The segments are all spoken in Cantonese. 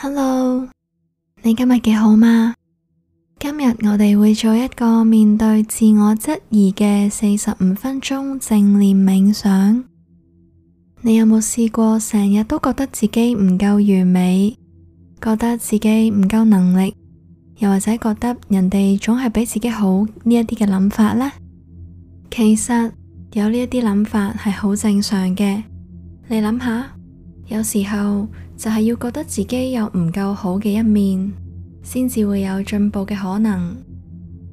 Hello，你今日幾好嗎？今日我哋會做一個面對自我質疑嘅四十五分鐘正念冥想。你有冇試過成日都覺得自己唔夠完美，覺得自己唔夠能力，又或者覺得人哋總係比自己好呢一啲嘅諗法呢？其實有呢一啲諗法係好正常嘅。你諗下，有時候，就係要覺得自己有唔夠好嘅一面，先至會有進步嘅可能。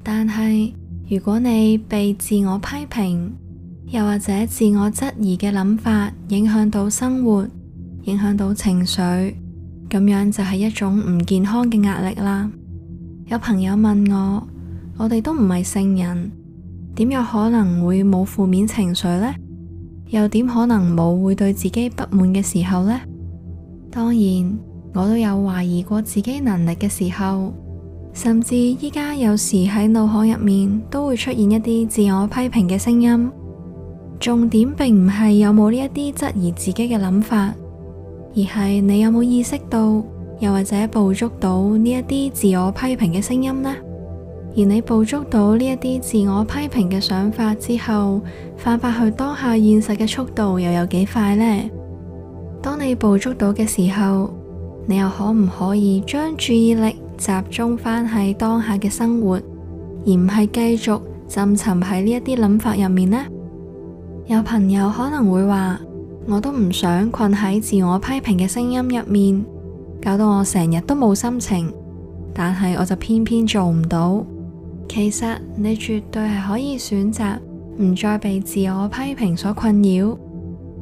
但係如果你被自我批評，又或者自我質疑嘅諗法影響到生活，影響到情緒，咁樣就係一種唔健康嘅壓力啦。有朋友問我，「我哋都唔係聖人，點有可能會冇負面情緒呢？又點可能冇會對自己不滿嘅時候呢？」當然，我都有懷疑過自己能力嘅時候，甚至依家有時喺腦海入面都會出現一啲自我批評嘅聲音。重點並唔係有冇呢一啲質疑自己嘅諗法，而係你有冇意識到，又或者捕捉到呢一啲自我批評嘅聲音呢？而你捕捉到呢一啲自我批評嘅想法之後，返返去當下現實嘅速度又有幾快呢？當你捕捉到嘅時候，你又可唔可以將注意力集中返喺當下嘅生活，而唔係繼續浸沉喺呢一啲諗法入面呢？有朋友可能會話，我都唔想困喺自我批評嘅聲音入面，搞到我成日都冇心情，但係我就偏偏做唔到。其實你絕對係可以選擇唔再被自我批評所困擾。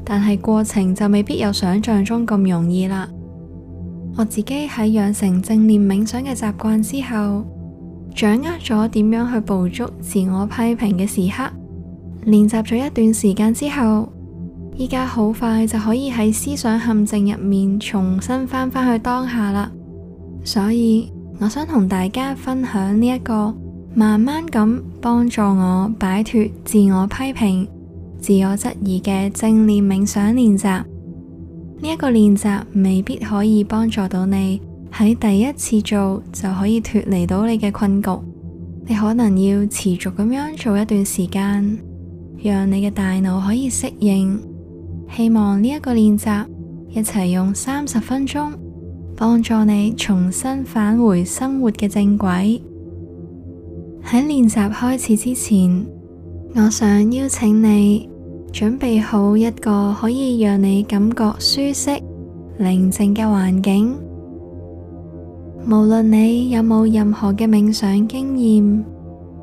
但係過程就未必有想象中咁容易啦。我自己喺養成正念冥想嘅習慣之後，掌握咗點樣去捕捉自我批評嘅時刻，練習咗一段時間之後，依家好快就可以喺思想陷阱入面重新返返去當下啦。所以我想同大家分享呢一個慢慢咁幫助我擺脫自我批評。自我質疑嘅正念冥想練習，呢一個練習未必可以幫助到你喺第一次做就可以脫離到你嘅困局，你可能要持續咁樣做一段時間，讓你嘅大腦可以適應。希望呢一個練習一齊用三十分鐘，幫助你重新返回生活嘅正軌。喺練習開始之前，我想邀請你。準備好一個可以讓你感覺舒適、寧靜嘅環境。無論你有冇任何嘅冥想經驗，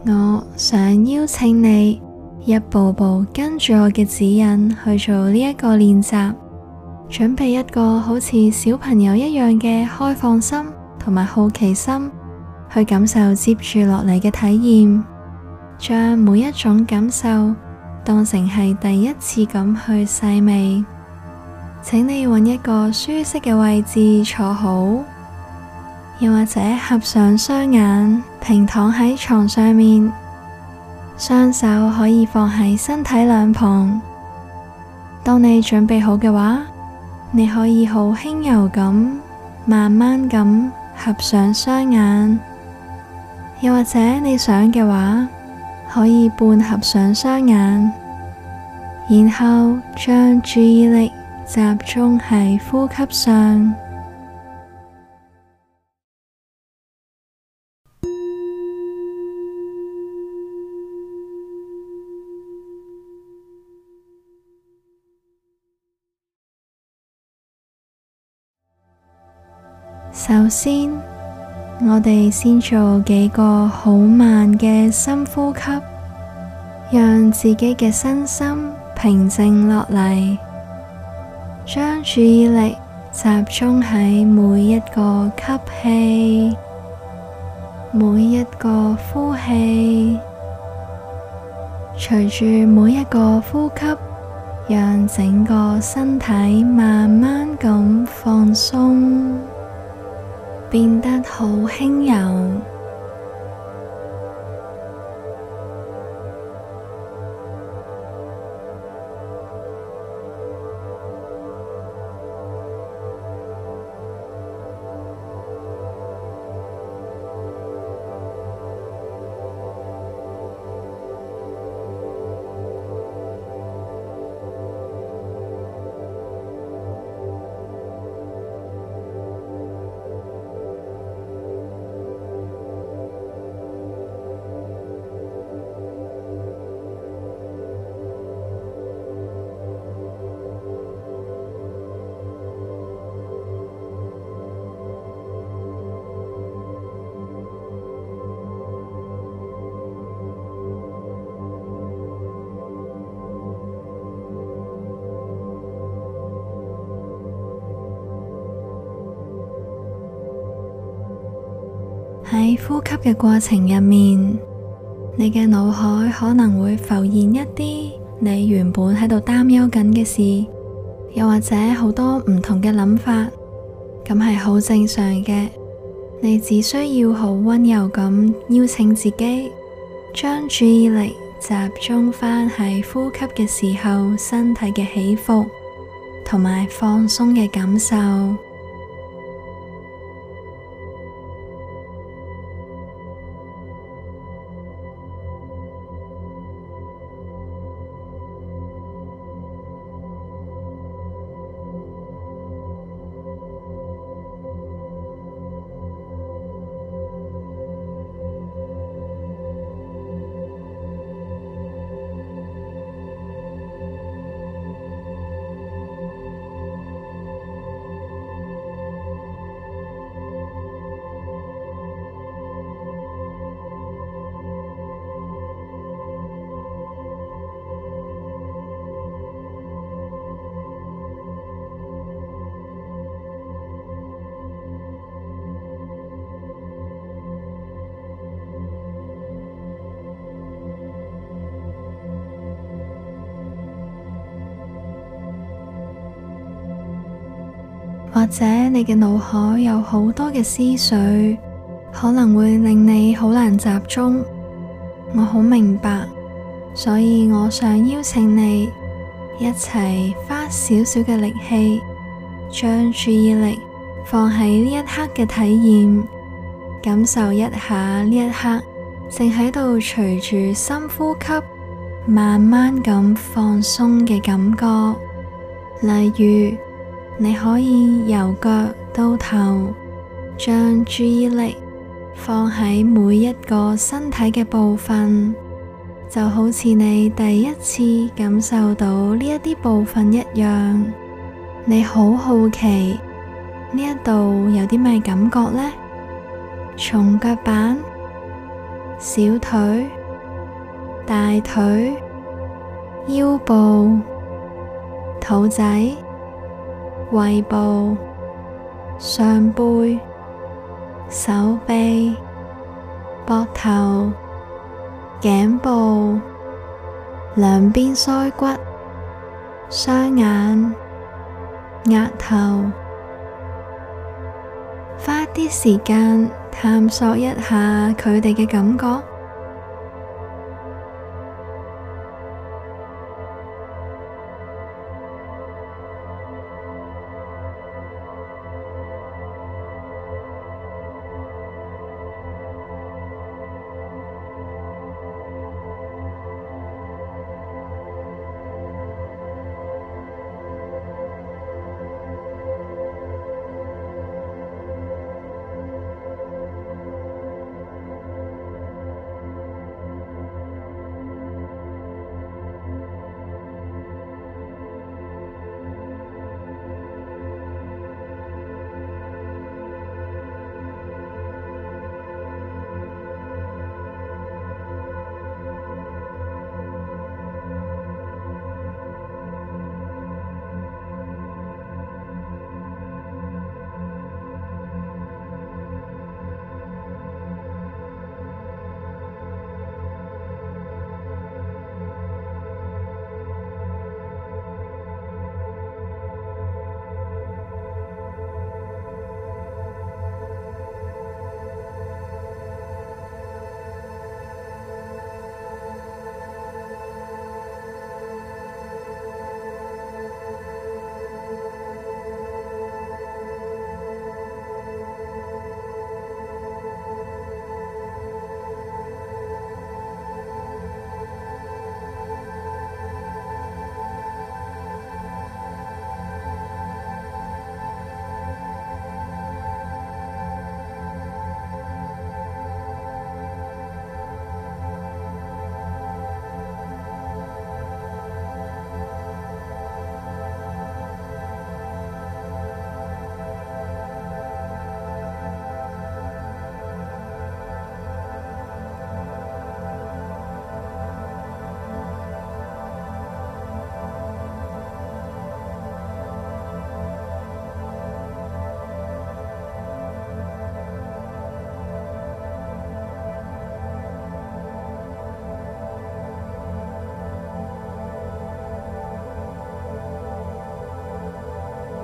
我想邀請你一步步跟住我嘅指引去做呢一個練習。準備一個好似小朋友一樣嘅開放心同埋好奇心，去感受接住落嚟嘅體驗，將每一種感受。當成係第一次咁去細味，請你揾一個舒適嘅位置坐好，又或者合上雙眼，平躺喺床上面，雙手可以放喺身體兩旁。當你準備好嘅話，你可以好輕柔咁，慢慢咁合上雙眼，又或者你想嘅話。可以半合上雙眼，然後將注意力集中喺呼吸上。首先。我哋先做幾個好慢嘅深呼吸，讓自己嘅身心平靜落嚟，將注意力集中喺每一個吸氣、每一個呼氣，隨住每一個呼吸，讓整個身體慢慢咁放鬆。變得好輕柔。喺呼吸嘅過程入面，你嘅腦海可能會浮現一啲你原本喺度擔憂緊嘅事，又或者好多唔同嘅諗法，咁係好正常嘅。你只需要好溫柔咁邀請自己，將注意力集中翻喺呼吸嘅時候，身體嘅起伏同埋放鬆嘅感受。或者你嘅腦海有好多嘅思緒，可能會令你好難集中。我好明白，所以我想邀請你一齊花少少嘅力氣，將注意力放喺呢一刻嘅體驗，感受一下呢一刻正喺度隨住深呼吸慢慢咁放鬆嘅感覺，例如。你可以由腳到頭，將注意力放喺每一個身體嘅部分，就好似你第一次感受到呢一啲部分一樣。你好好奇呢一度有啲咩感覺呢？從腳板、小腿、大腿、腰部、肚仔。胃部、上背、手臂、膊頭、頸部、兩邊腮骨、雙眼、額頭，花啲時間探索一下佢哋嘅感覺。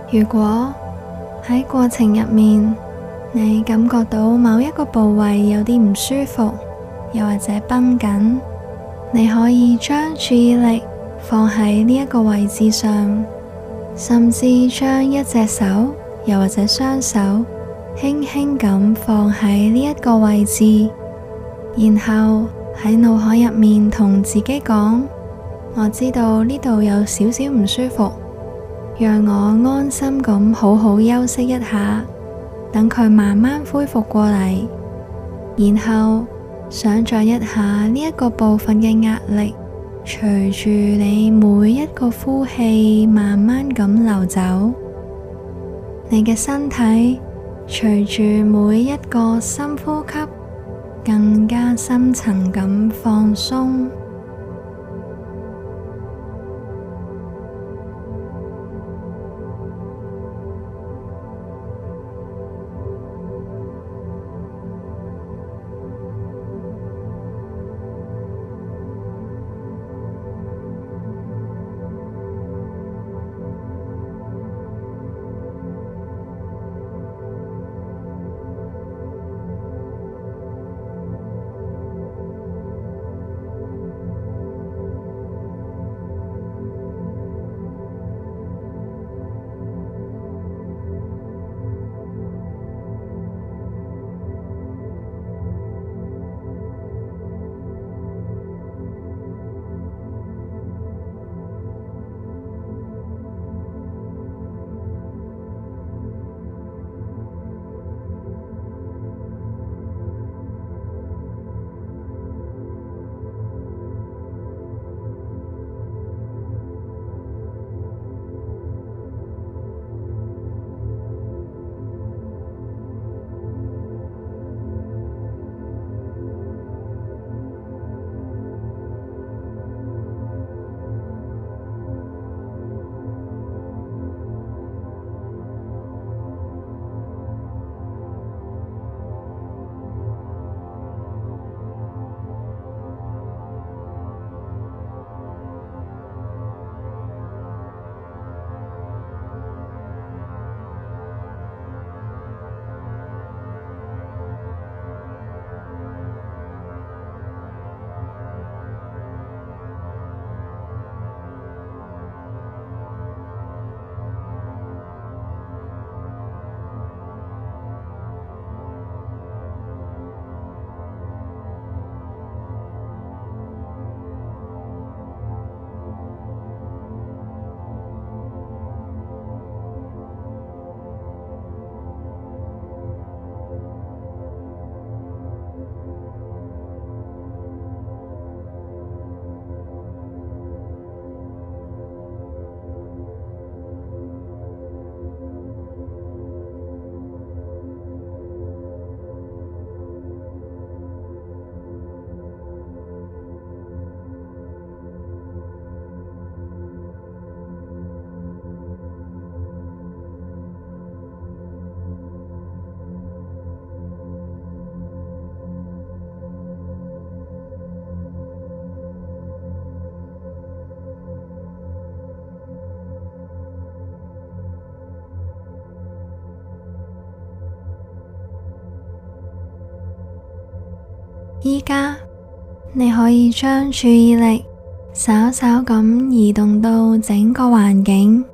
如果喺過程入面，你感覺到某一個部位有啲唔舒服，又或者繃緊，你可以將注意力放喺呢一個位置上，甚至將一隻手又或者雙手輕輕咁放喺呢一個位置，然後喺腦海入面同自己講：我知道呢度有少少唔舒服。讓我安心咁好好休息一下，等佢慢慢恢復過嚟，然後想象一下呢個部分嘅壓力，隨住你每一個呼氣慢慢咁流走，你嘅身體隨住每一個深呼吸，更加深層咁放鬆。依家你可以將注意力稍稍咁移，移動到整個環境。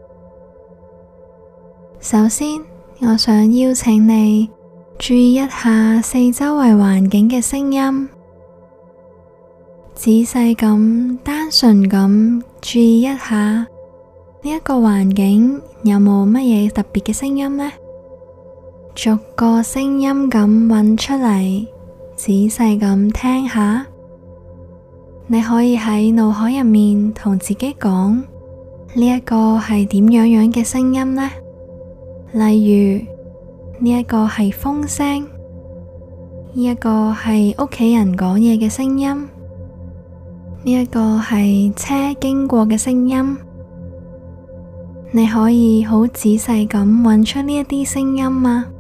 首先，我想邀請你注意一下四周圍環境嘅聲音，仔細咁、單純咁注意一下呢一個環境有冇乜嘢特別嘅聲音呢？逐個聲音咁揾出嚟。仔細咁聽下，你可以喺腦海入面同自己講，呢一個係點樣樣嘅聲音呢？例如呢一個係風聲，呢一個係屋企人講嘢嘅聲音，呢一個係車經過嘅聲音。你可以好仔細咁揾出呢一啲聲音嗎？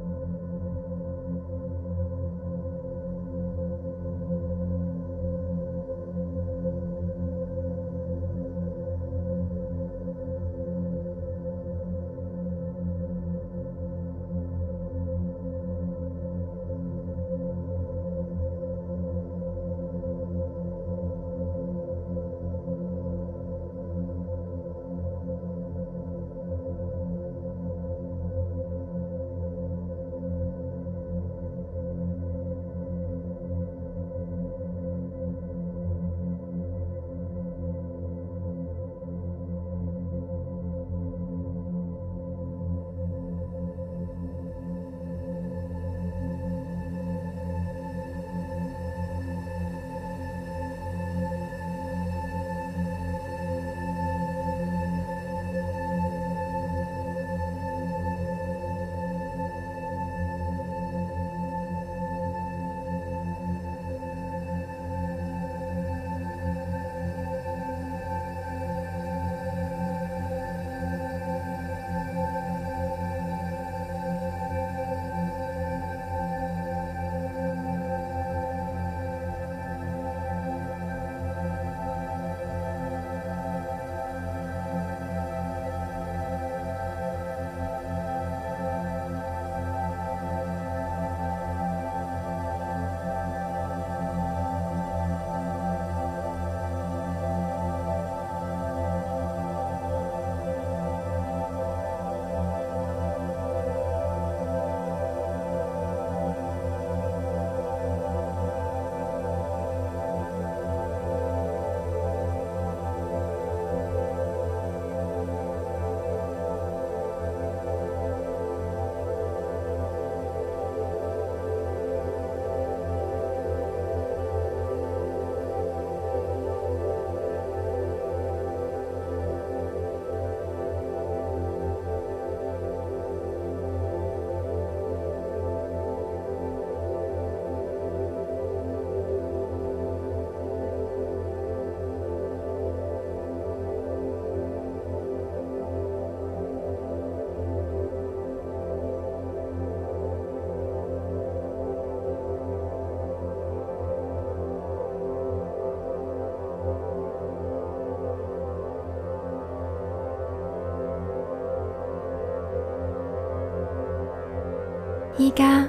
而家，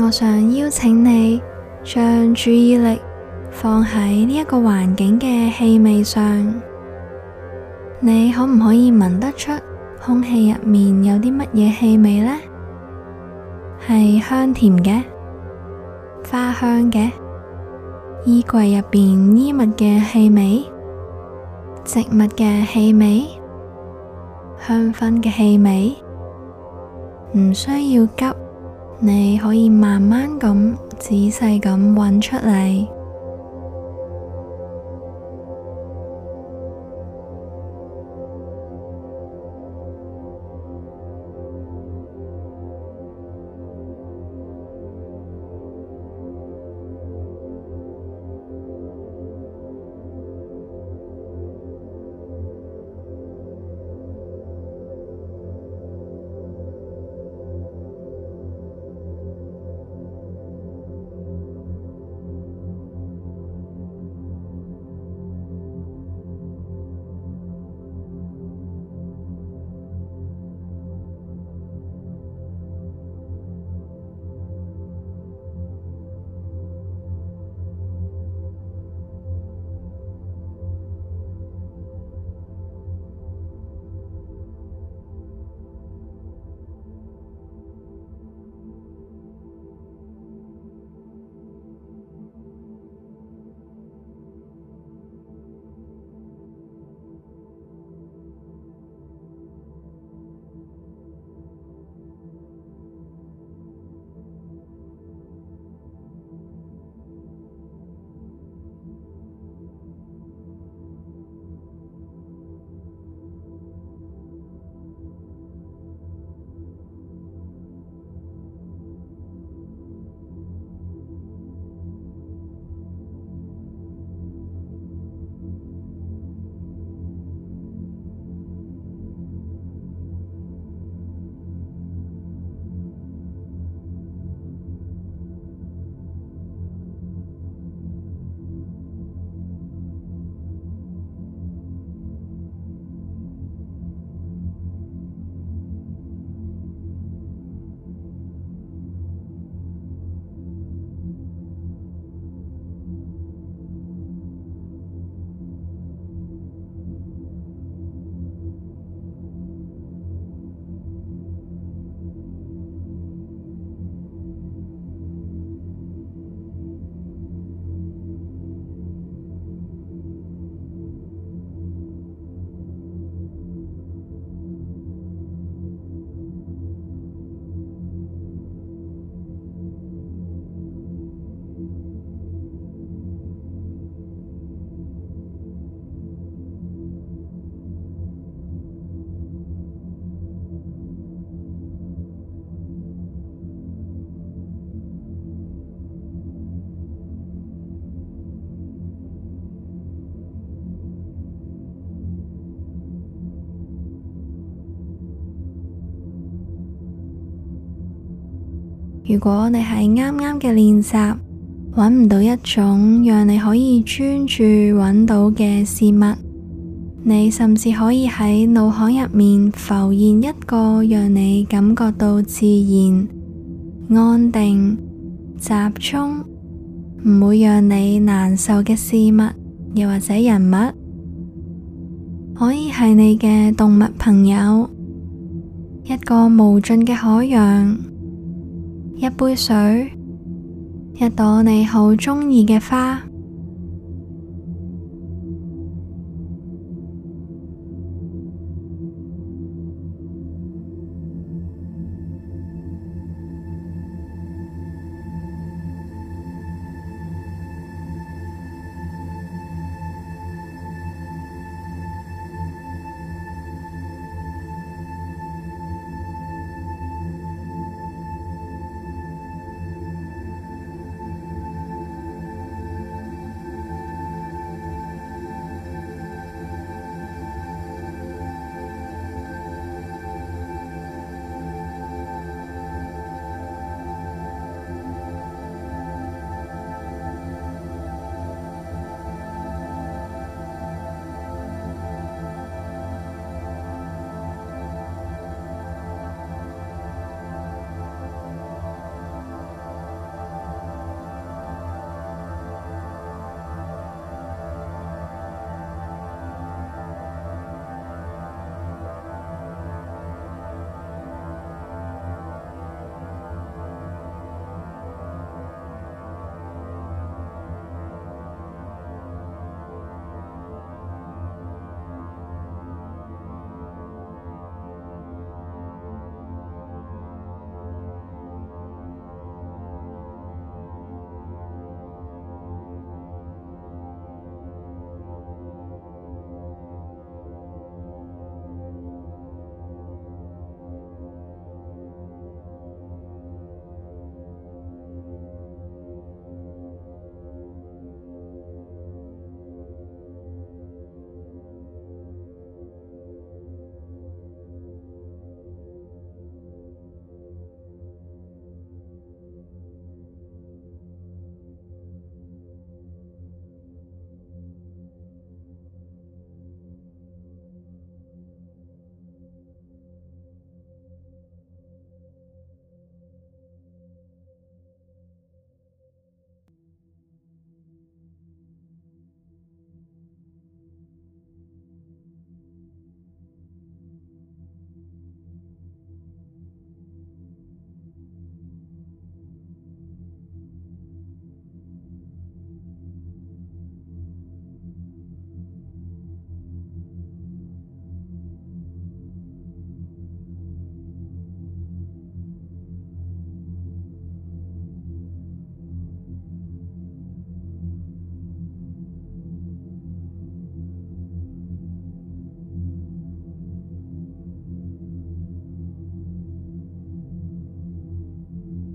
我想邀請你將注意力放喺呢一個環境嘅氣味上。你可唔可以聞得出空氣入面有啲乜嘢氣味呢？係香甜嘅、花香嘅、衣櫃入邊衣物嘅氣味、植物嘅氣味、香薰嘅氣味？唔需要急。你可以慢慢咁、仔細咁揾出嚟。如果你係啱啱嘅練習，揾唔到一種讓你可以專注揾到嘅事物，你甚至可以喺腦海入面浮現一個讓你感覺到自然、安定、集中，唔會讓你難受嘅事物，又或者人物，可以係你嘅動物朋友，一個無盡嘅海洋。一杯水，一朵你好鍾意嘅花。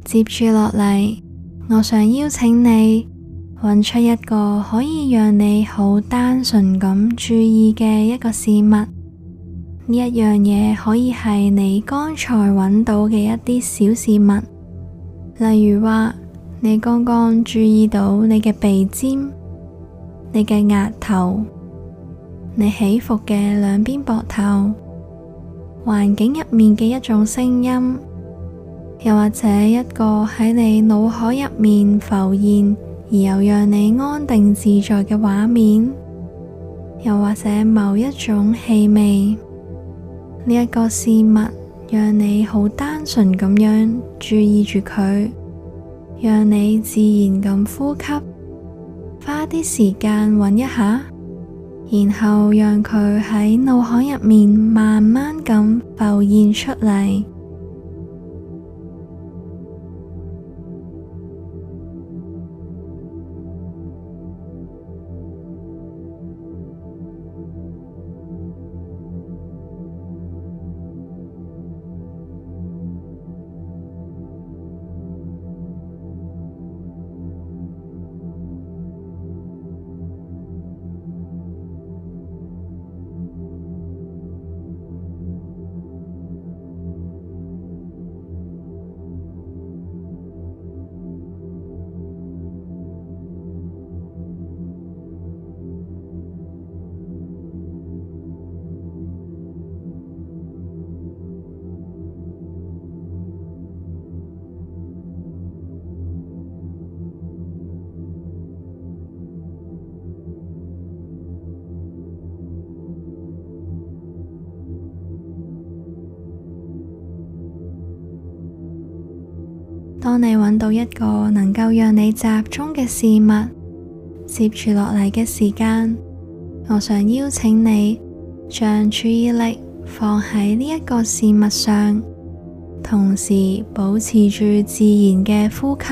接住落嚟，我想邀請你搵出一個可以讓你好單純咁注意嘅一個事物。呢一樣嘢可以係你剛才搵到嘅一啲小事物，例如話你剛剛注意到你嘅鼻尖、你嘅額頭、你起伏嘅兩邊膊頭、環境入面嘅一種聲音。又或者一個喺你腦海入面浮現，而又讓你安定自在嘅畫面；又或者某一種氣味，呢一個事物，讓你好單純咁樣注意住佢，讓你自然咁呼吸，花啲時間揾一下，然後讓佢喺腦海入面慢慢咁浮現出嚟。當你揾到一個能夠讓你集中嘅事物，接住落嚟嘅時間，我想邀請你將注意力放喺呢一個事物上，同時保持住自然嘅呼吸。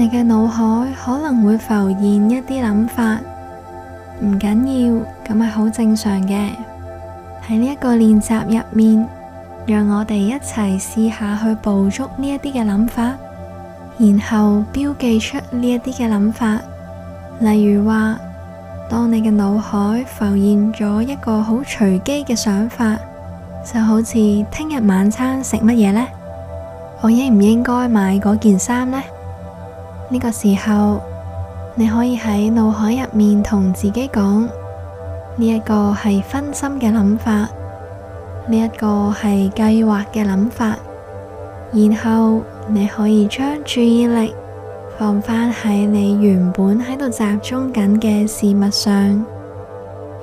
你嘅腦海可能會浮現一啲諗法，唔緊要，咁係好正常嘅。喺呢一個練習入面，讓我哋一齊試下去捕捉呢一啲嘅諗法，然後標記出呢一啲嘅諗法。例如話，當你嘅腦海浮現咗一個好隨機嘅想法，就好似聽日晚餐食乜嘢呢？我應唔應該買嗰件衫呢？呢個時候，你可以喺腦海入面同自己講：呢一個係分心嘅諗法，呢一個係計劃嘅諗法。然後你可以將注意力放返喺你原本喺度集中緊嘅事物上。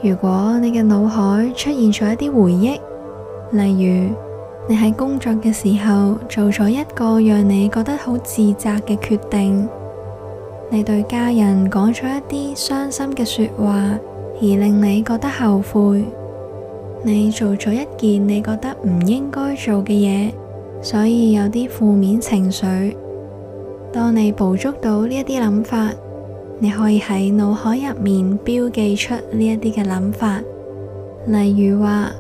如果你嘅腦海出現咗一啲回憶，例如，你喺工作嘅時候做咗一個讓你覺得好自責嘅決定，你對家人講咗一啲傷心嘅說話，而令你覺得後悔，你做咗一件你覺得唔應該做嘅嘢，所以有啲負面情緒。當你捕捉到呢一啲諗法，你可以喺腦海入面標記出呢一啲嘅諗法，例如話。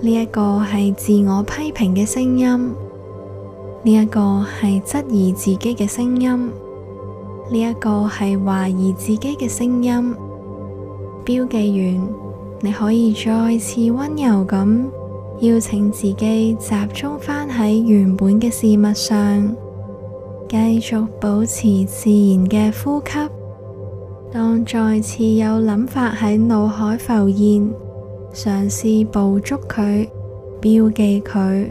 呢一個係自我批評嘅聲音，呢一個係質疑自己嘅聲音，呢一個係懷疑自己嘅聲音。標記完，你可以再次温柔咁，邀請自己集中返喺原本嘅事物上，繼續保持自然嘅呼吸。當再次有諗法喺腦海浮現。嘗試捕捉佢，標記佢。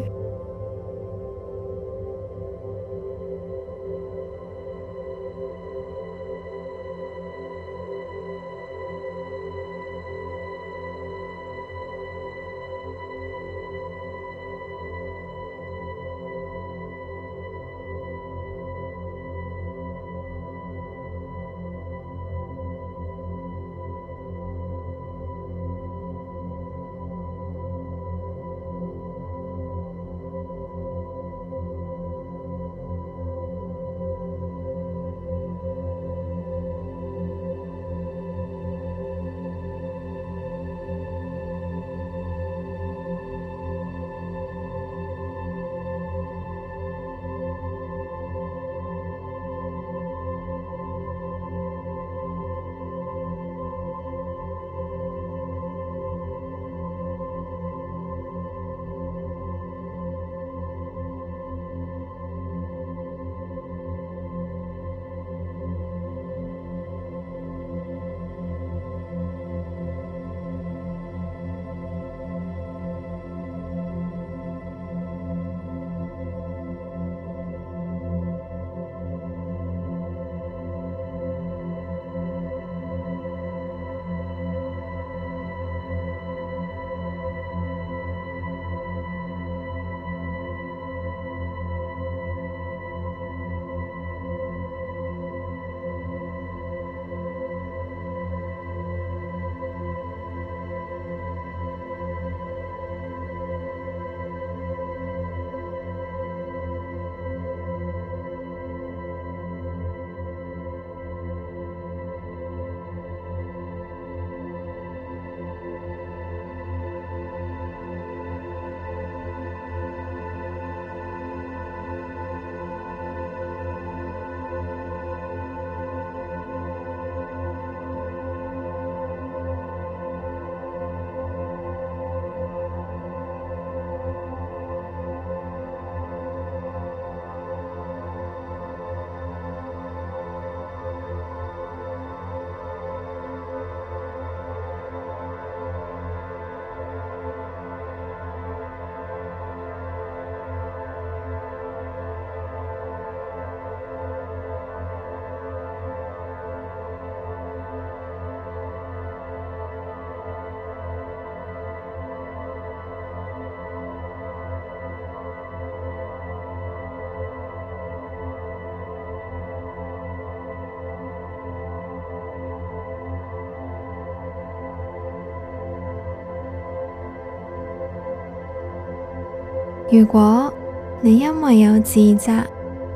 如果你因為有自責、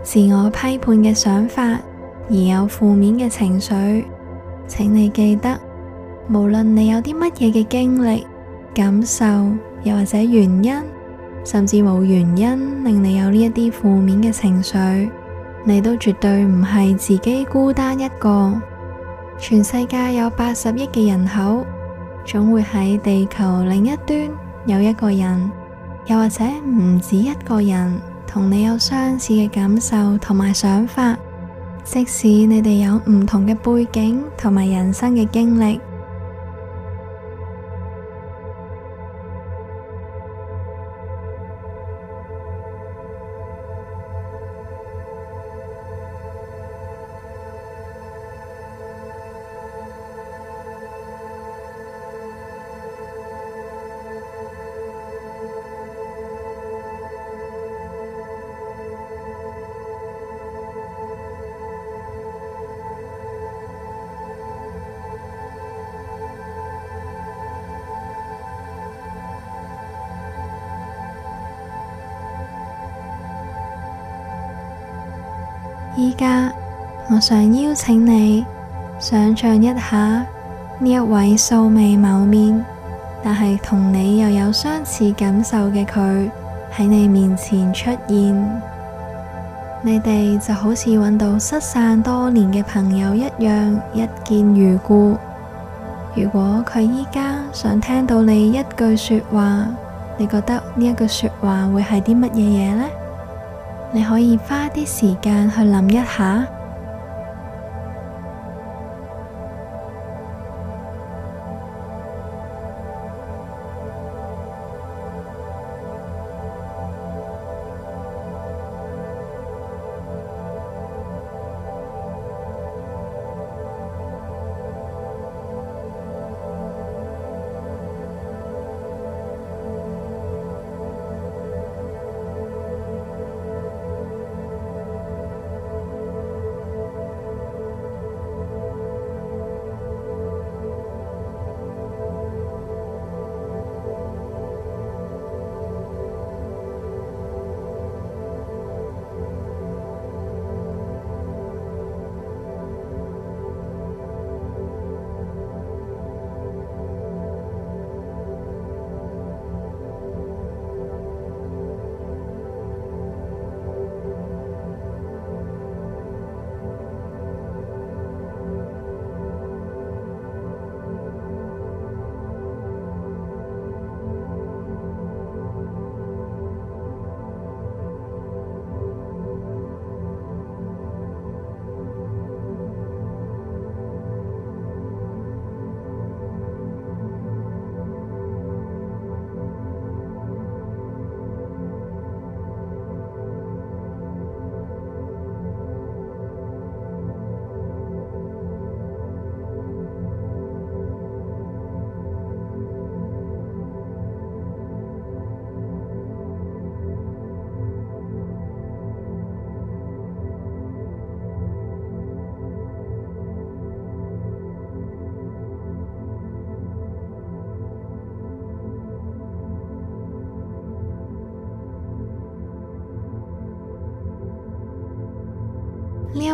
自我批判嘅想法，而有負面嘅情緒，請你記得，無論你有啲乜嘢嘅經歷、感受，又或者原因，甚至冇原因令你有呢一啲負面嘅情緒，你都絕對唔係自己孤單一個。全世界有八十億嘅人口，總會喺地球另一端有一個人。又或者唔止一個人同你有相似嘅感受同埋想法，即使你哋有唔同嘅背景同埋人生嘅經歷。我想邀請你想象一下呢一位素未謀面，但係同你又有相似感受嘅佢喺你面前出現，你哋就好似搵到失散多年嘅朋友一樣，一見如故。如果佢依家想聽到你一句說話，你覺得呢一句說話會係啲乜嘢嘢呢？你可以花啲時間去諗一下。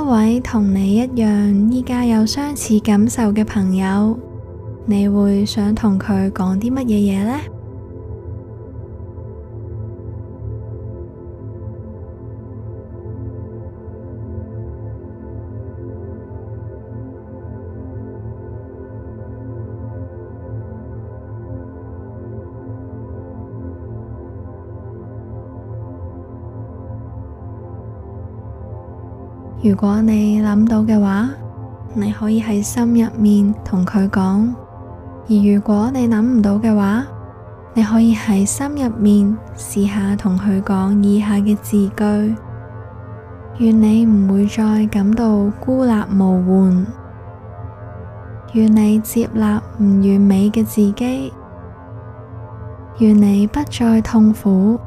位同你一樣依家有相似感受嘅朋友，你會想同佢講啲乜嘢嘢咧？如果你諗到嘅話，你可以喺心入面同佢講；而如果你諗唔到嘅話，你可以喺心入面試下同佢講以下嘅字句：願你唔會再感到孤立無援；願你接納唔完美嘅自己；願你不再痛苦。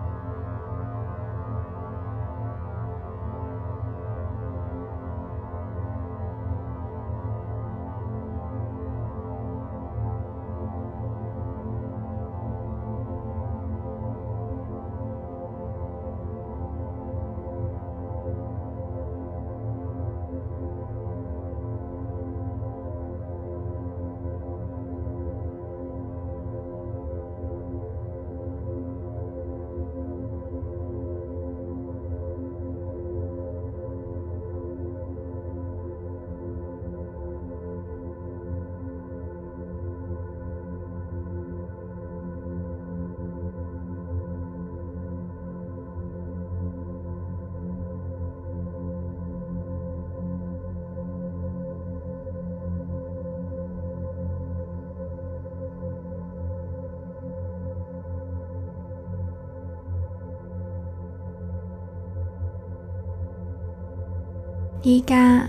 而家，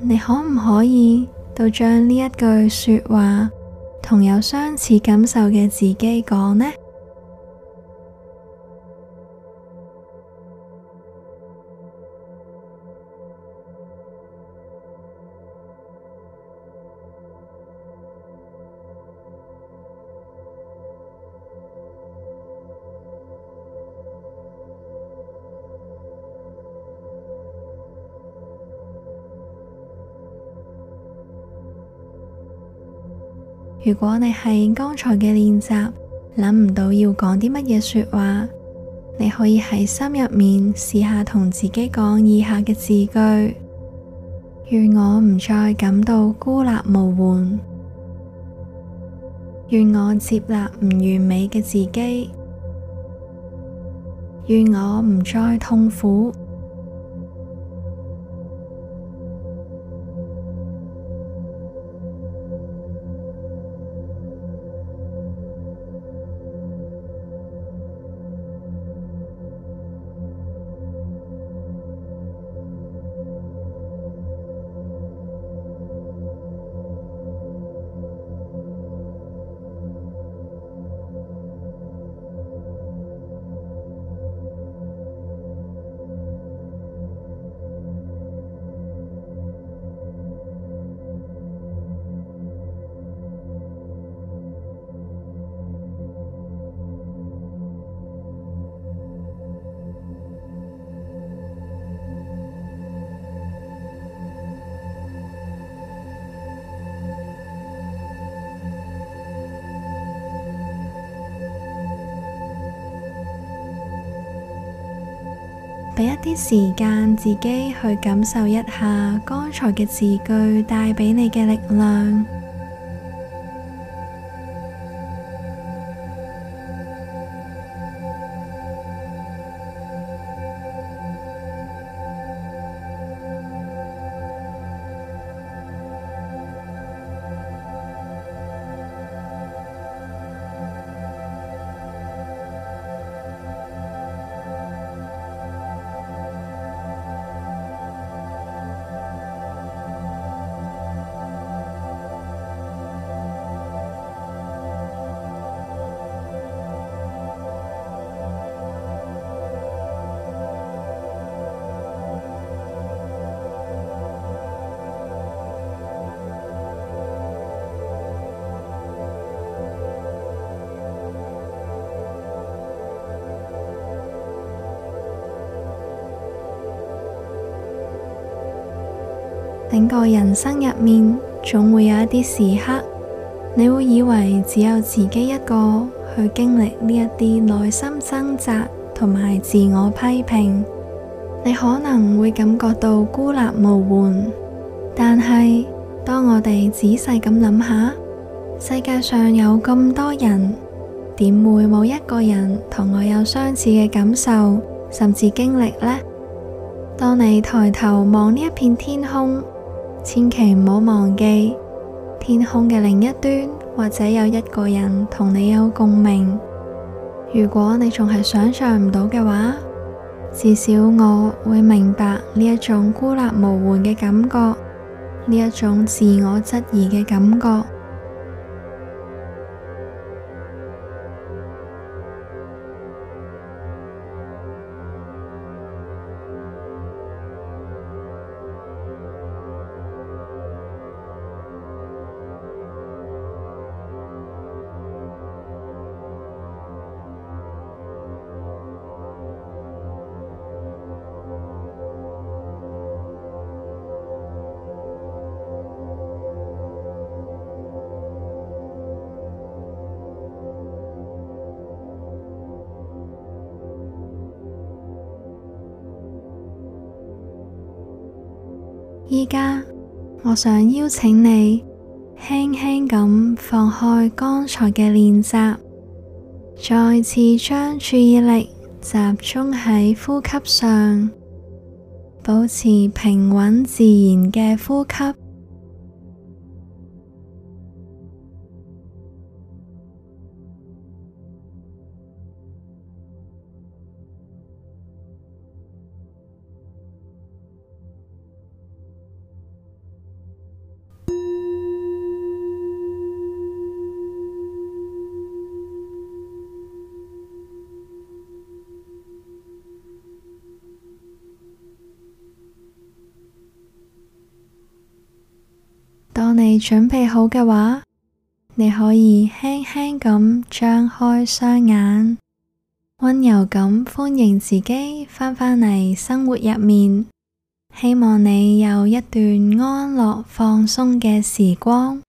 你可唔可以都將呢一句說話同有相似感受嘅自己講呢？如果你係剛才嘅練習，諗唔到要講啲乜嘢說話，你可以喺心入面試下同自己講以下嘅字句：願我唔再感到孤立無援，願我接納唔完美嘅自己，願我唔再痛苦。俾一啲時間自己去感受一下剛才嘅字句帶俾你嘅力量。整個人生入面，總會有一啲時刻，你會以為只有自己一個去經歷呢一啲內心掙扎同埋自我批評，你可能會感覺到孤立無援。但係當我哋仔細咁諗下，世界上有咁多人，點會冇一個人同我有相似嘅感受，甚至經歷呢？當你抬頭望呢一片天空。千祈唔好忘記，天空嘅另一端或者有一個人同你有共鳴。如果你仲係想象唔到嘅話，至少我會明白呢一種孤立無援嘅感覺，呢一種自我質疑嘅感覺。而家，我想邀請你輕輕咁放開剛才嘅練習，再次將注意力集中喺呼吸上，保持平穩自然嘅呼吸。準備好嘅話，你可以輕輕咁張開雙眼，温柔咁歡迎自己返返嚟生活入面。希望你有一段安樂放鬆嘅時光。